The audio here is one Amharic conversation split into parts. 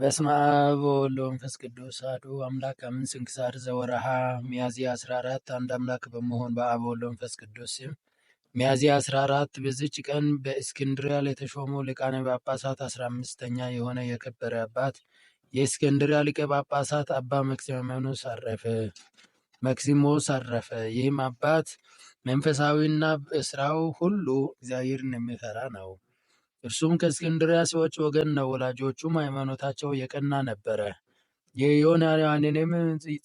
በስመ አብ ወወልድ ወመንፈስ ቅዱስ አሐዱ አምላክ አሜን። ስንክሳር ዘወርኀ ሚያዝያ 14 አንድ አምላክ በመሆን በአብ ወልድ መንፈስ ቅዱስ ስም ሚያዝያ 14 በዚች ቀን በእስክንድርያ ለተሾሙ ሊቃነ ጳጳሳት 15ኛ የሆነ የከበረ አባት የእስክንድሪያ ሊቀ ጳጳሳት አባ መክሲሞስ አረፈ። መክሲሞስ አረፈ። ይህም አባት መንፈሳዊና ስራው ሁሉ እግዚአብሔርን የሚፈራ ነው። እርሱም ከእስክንድሪያ ሰዎች ወገን ነው። ወላጆቹም ሃይማኖታቸው የቀና ነበረ። የዮና ዮሐንንም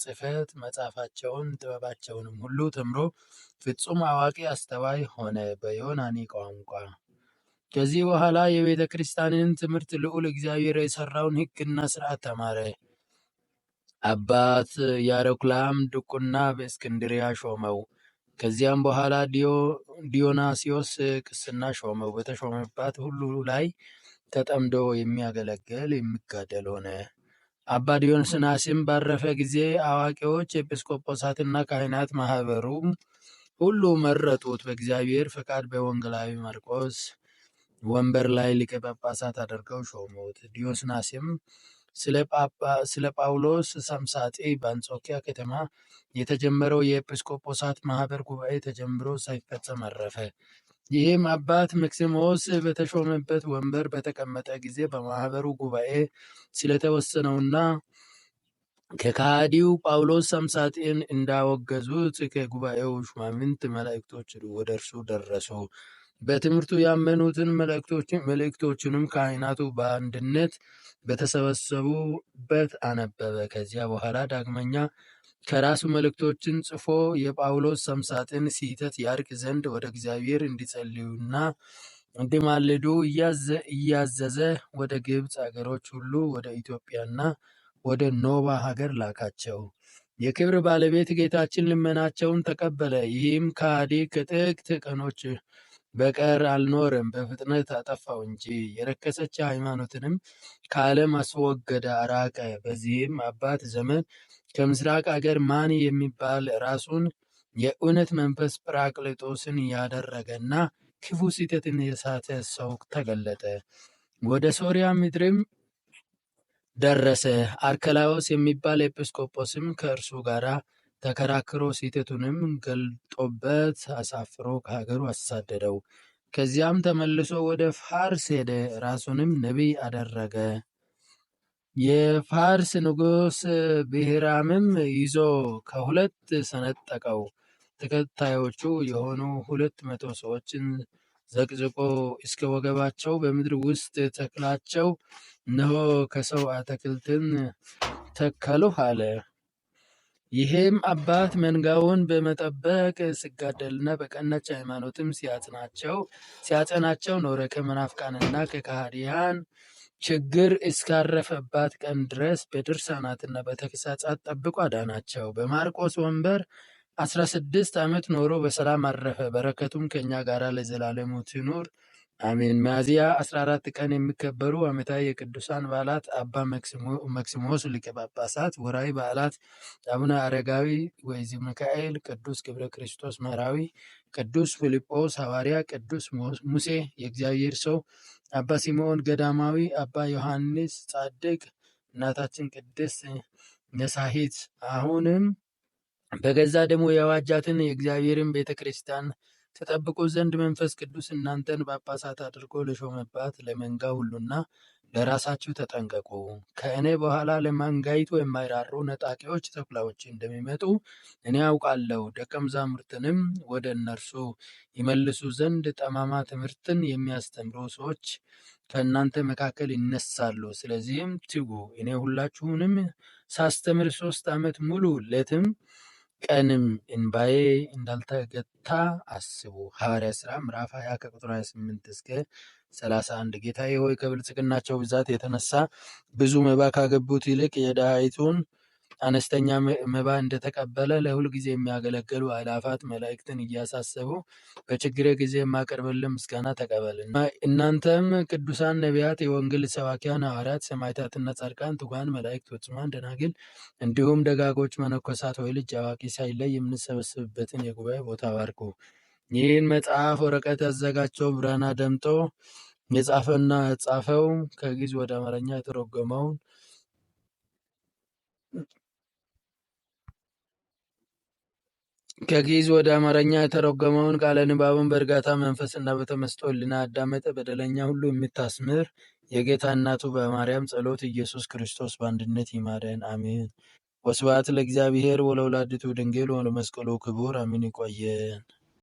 ጽሕፈት መጻፋቸውን ጥበባቸውንም ሁሉ ተምሮ ፍጹም አዋቂ አስተዋይ ሆነ በዮናኒ ቋንቋ። ከዚህ በኋላ የቤተ ክርስቲያንን ትምህርት ልዑል እግዚአብሔር የሰራውን ሕግና ስርዓት ተማረ። አባት ያሮክላም ድቁና በእስክንድሪያ ሾመው። ከዚያም በኋላ ዲዮናስዮስ ቅስና ሾመው። በተሾመባት ሁሉ ላይ ተጠምዶ የሚያገለግል የሚጋደል ሆነ። አባ ዲዮስናስም ባረፈ ጊዜ አዋቂዎች፣ ኤጲስቆጶሳትና ካህናት ማህበሩ ሁሉ መረጡት። በእግዚአብሔር ፈቃድ በወንጌላዊ ማርቆስ ወንበር ላይ ሊቀ ጳጳሳት አድርገው ሾሙት። ዲዮስናስም ስለ ጳውሎስ ሰምሳጤ በአንጾኪያ ከተማ የተጀመረው የኤጲስቆጶሳት ማህበር ጉባኤ ተጀምሮ ሳይፈጸም አረፈ። ይህም አባት መክሲሞስ በተሾመበት ወንበር በተቀመጠ ጊዜ በማህበሩ ጉባኤ ስለተወሰነውና ከካሃዲው ጳውሎስ ሰምሳጤን እንዳወገዙት ከጉባኤው ሹማምንት መላእክቶች ወደ እርሱ ደረሱ። በትምህርቱ ያመኑትን መልእክቶችንም ካህናቱ በአንድነት በተሰበሰቡበት አነበበ። ከዚያ በኋላ ዳግመኛ ከራሱ መልእክቶችን ጽፎ የጳውሎስ ሰምሳጥን ስህተት ያርቅ ዘንድ ወደ እግዚአብሔር እንዲጸልዩና እንዲማልዱ እያዘዘ ወደ ግብፅ ሀገሮች ሁሉ ወደ ኢትዮጵያና ወደ ኖባ ሀገር ላካቸው። የክብር ባለቤት ጌታችን ልመናቸውን ተቀበለ። ይህም ከሃዲ ከጥቂት ቀኖች በቀር አልኖርም በፍጥነት አጠፋው እንጂ። የረከሰች ሃይማኖትንም ከዓለም አስወገደ አራቀ። በዚህም አባት ዘመን ከምስራቅ አገር ማን የሚባል ራሱን የእውነት መንፈስ ጰራቅሊጦስን ያደረገና ክፉ ስህተትን የሳተ ሰው ተገለጠ። ወደ ሶሪያ ምድርም ደረሰ። አርከላዎስ የሚባል ኤጲስቆጶስም ከእርሱ ጋር ተከራክሮ ሴቲቱንም ገልጦበት አሳፍሮ ከሀገሩ አሳደደው። ከዚያም ተመልሶ ወደ ፋርስ ሄደ፣ ራሱንም ነቢይ አደረገ። የፋርስ ንጉሥ ብሔራምም ይዞ ከሁለት ሰነጠቀው። ተከታዮቹ የሆኑ ሁለት መቶ ሰዎችን ዘቅዝቆ እስከ ወገባቸው በምድር ውስጥ ተክላቸው፣ እነሆ ከሰው አትክልትን ተከልሁ አለ። ይህም አባት መንጋውን በመጠበቅ ሲጋደልና በቀናች ሃይማኖትም ሲያጸናቸው ኖረ። ከመናፍቃንና ከካህዲያን ችግር እስካረፈባት ቀን ድረስ በድርሳናትና በተግሳጻት ጠብቆ አዳናቸው። በማርቆስ ወንበር 16 ዓመት ኖሮ በሰላም አረፈ። በረከቱም ከእኛ ጋር ለዘላለሙ ትኑር። አሜን። ሚያዝያ 14 ቀን የሚከበሩ ዓመታዊ የቅዱሳን በዓላት አባ መክሲሞስ ሊቀ ጳጳሳት። ወራዊ በዓላት አቡነ አረጋዊ ወይዚ ሚካኤል፣ ቅዱስ ገብረ ክርስቶስ መራዊ፣ ቅዱስ ፊልጶስ ሐዋርያ፣ ቅዱስ ሙሴ የእግዚአብሔር ሰው፣ አባ ሲሞን ገዳማዊ፣ አባ ዮሐንስ ጻድቅ፣ እናታችን ቅድስት ነሳሂት። አሁንም በገዛ ደግሞ የዋጃትን የእግዚአብሔርን ቤተ ክርስቲያን ተጠብቁ ዘንድ መንፈስ ቅዱስ እናንተን ጳጳሳት አድርጎ ለሾመባት ለመንጋ ሁሉና ለራሳችሁ ተጠንቀቁ። ከእኔ በኋላ ለማንጋይቱ የማይራሩ ነጣቂዎች ተኩላዎች እንደሚመጡ እኔ አውቃለሁ። ደቀ መዛሙርትንም ወደ እነርሱ ይመልሱ ዘንድ ጠማማ ትምህርትን የሚያስተምሩ ሰዎች ከእናንተ መካከል ይነሳሉ። ስለዚህም ትጉ። እኔ ሁላችሁንም ሳስተምር ሶስት ዓመት ሙሉ ሌትም ቀንም እንባዬ እንዳልተገታ አስቡ። ሐዋርያ ሥራ ምዕራፍ 20 ከቁጥር 28 እስከ 31 ጌታዬ ሆይ ከብልጽግናቸው ብዛት የተነሳ ብዙ መባ ካገቡት ይልቅ የድሃይቱን አነስተኛ መባ እንደተቀበለ ለሁል ጊዜ የሚያገለግሉ አላፋት መላእክትን እያሳሰቡ በችግሬ ጊዜ የማቀርብልን ምስጋና ተቀበል። እናንተም ቅዱሳን ነቢያት፣ የወንጌል ሰባኪያን ሐዋርያት፣ ሰማዕታትና ጻድቃን፣ ትጉሃን መላእክት፣ ፍጹማን ደናግል እንዲሁም ደጋጎች መነኮሳት ወይ ልጅ አዋቂ ሳይለይ የምንሰበስብበትን የጉባኤ ቦታ ባርኩ። ይህን መጽሐፍ ወረቀት ያዘጋጀው ብራና ደምጦ የጻፈና ያጻፈው ከግዕዝ ወደ አማርኛ የተረጎመውን ከግዕዝ ወደ አማርኛ የተረጎመውን ቃለ ንባቡን በእርጋታ መንፈስና በተመስጦ ሕሊና አዳመጠ። በደለኛ ሁሉ የምታስምር የጌታ እናቱ በማርያም ጸሎት ኢየሱስ ክርስቶስ በአንድነት ይማረን፣ አሜን። ወስብሐት ለእግዚአብሔር ወለወላዲቱ ድንግል ወለመስቀሉ ክቡር አሜን። ይቆየን።